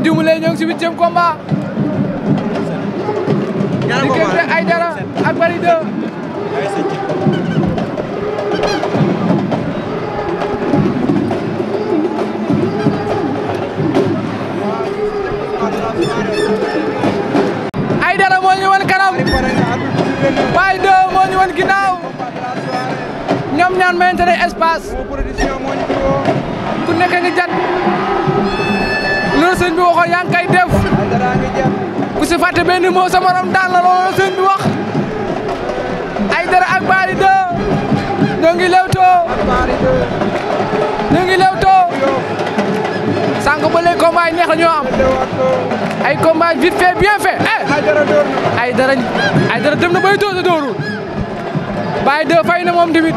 ma juumalee ñoo ngi si huitième combat. diggante Aïdara ak Bari 2. Aïdara moo ñu wan kanam. Bari 2 moo ñu wan ginnaaw. ñoom ñaan mayante ne espace. ku nekk nga jat. sëñ bi waxoon yaa ngi koy def ku si fàtte benn moo sa morom daan la loolu sëñ bi ay dara ak baari de ñoo ngi lewtoo ñoo ngi lewtoo sànq ba neex ñoo am ay combat vite fait bien fait eh ay dara ay dara dem na bay dóor a dóorul baay de fay na moom tamit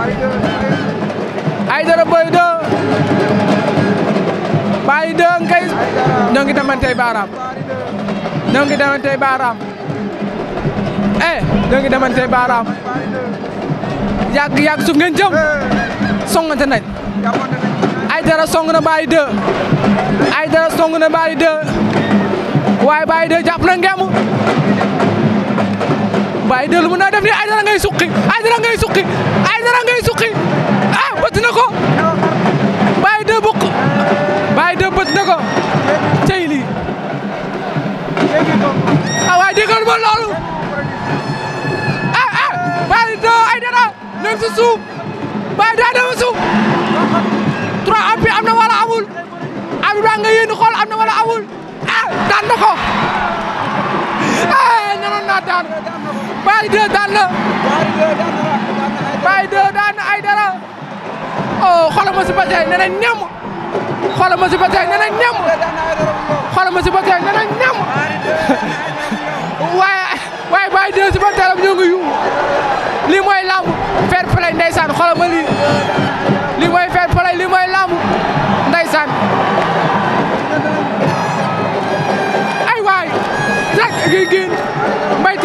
ay dara bay de baay de ñoo ngi damantey baaraam ñoo ngi damantey baaraam eh ñoo ngi damantey baaraam yàgg yàgg suuf ngeen jëm songante nañ ay dara song na bàyyi deux ay dara song na bàyyi deux waaye bàyyi deux jàpp na ngemu bàyyi deux lu mu def nii ay dara ngay suqi ay dara ngay suqi ay dara ngay suqi dem si suuf daa dem trois appuis am na wala amul am na nga yéen xool am na wala amul ah, daan na ko ah eh, ñoroon naa daan Baye 2 daan na Baye 2 daan na ay dara oh xoolal ma si ba tey nee na ñem xoolal ma si ba tey nee na ñem xoolal ma si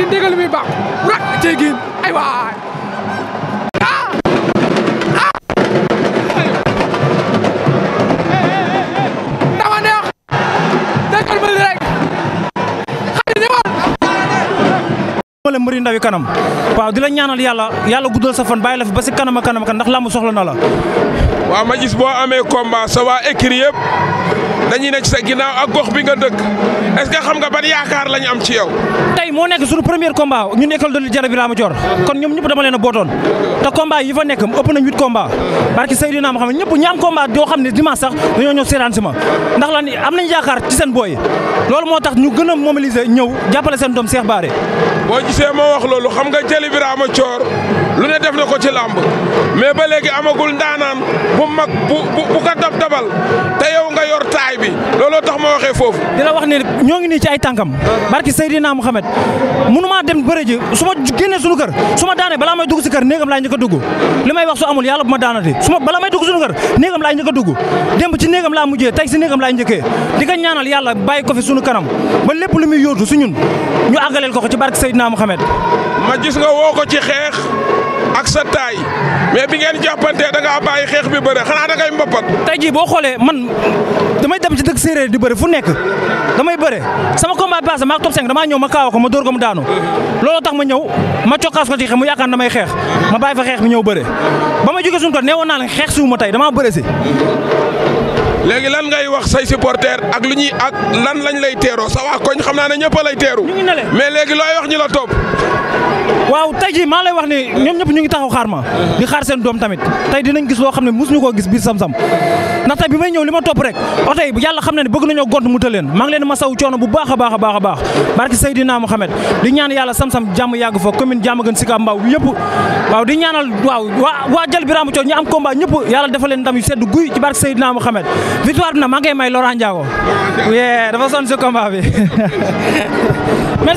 ndigal mi baax rak cey giin ay waay wala mbëri ndaw yi kanam waaw di la ñaanal yàlla yàlla guddal sa fan bàyyi la ba si kanam a kanam kan ndax làmb soxla na la waa ma boo amee combat sa waa écrit yëpp dañuy ne ci sa ginnaaw ak gox bi nga dëkk est-ce que xam nga ban yaakaar lañu am ci yow. tey moo nekk suñu premier combat ñun école de Jara Birama Dior kon ñoom ñëpp dama leen a bootoon te combat yi fa nekk ëpp nañ huit combat barki Seydina ma xam ne ñëpp ñi am combat xam ne dimanche sax dañoo ñëw seetaan si ma ndax lan am nañ yaakaar ci seen booy loolu moo tax ñu gën a mobiliser ñëw jàppale seen doom Cheikh Bara boo gisee moo wax loolu xam nga Jali Birama Coor lu ne def na ko ci làmb mais ba léegi amagul ndaanaan bu mag bu bu ko dab te yow nga yor taay bi looloo tax ma waxee foofu. di la wax ne ñoo ngi nii ci ay tànkam. barki Seydina Mohamed mënumaa dem bëre ji su ma génnee suñu kër su ma daanee balaa may dugg si kër néegam laay njëkk a dugg li may wax su amul yàlla bu ma daanati su ma balaa may dugg suñu kër néegam laay njëkk a dugg démb ci néegam laa mujjee tey si néegam laay njëkkee di ko ñaanal yàlla bàyyi ko fi suñu kanam ba lépp lu muy yóotu si ñun ñu àggaleel ko ko ci barke Seydina Mohamed. ma gis nga woo ko ci xeex ak sa taay mais bi ngeen jàppantee da ngaa bàyyi xeex bi bëre xanaa da ngay mbappat. tey jii boo xoolee man damay dem ci dëkk séeréer di bëre fu nekk damay bëre sama combat passé maa top 5 damaa ñëw ma kaawa ko ma dóor ko mu daanu looloo tax ma ñëw ma cokkaas ko ci xeex mu yaakaar damay xeex ma bàyyi fa xeex bi ñëw bëre ba ma jógee suñu ko neewoon naa la xeex suuma tey damaa bëre si. léegi lan ngay wax say supporter ak lu ñuy ak lan lañ lay teeroo sa waa koñ xam naa ne ñëpp lay teeru mais léegi looy wax ñu la topp waaw tey jii maa lay wax ni ñoom ñëpp ñu ngi taxaw xaar ma di xaar seen doom tamit tey dinañ gis loo xam ne mosuñu koo gis biir sam-sam ndax tey bi may ñëw li ma topp rek oto yàlla xam na ne bëgg nañoo gont mu ta leen maa ngi leen masaw coono bu baax a baax a baax a baax barki Seydina Mouhamed di ñaan yàlla sam-sam jàmm yàgg fa commune jàmm gën Sicap Mbao yëpp waaw di ñaanal waaw waa waa jël biraama coono ñu am combat ñëpp yàlla dafa leen ndam yu sedd guy ci barki Seydina Mouhamed victoire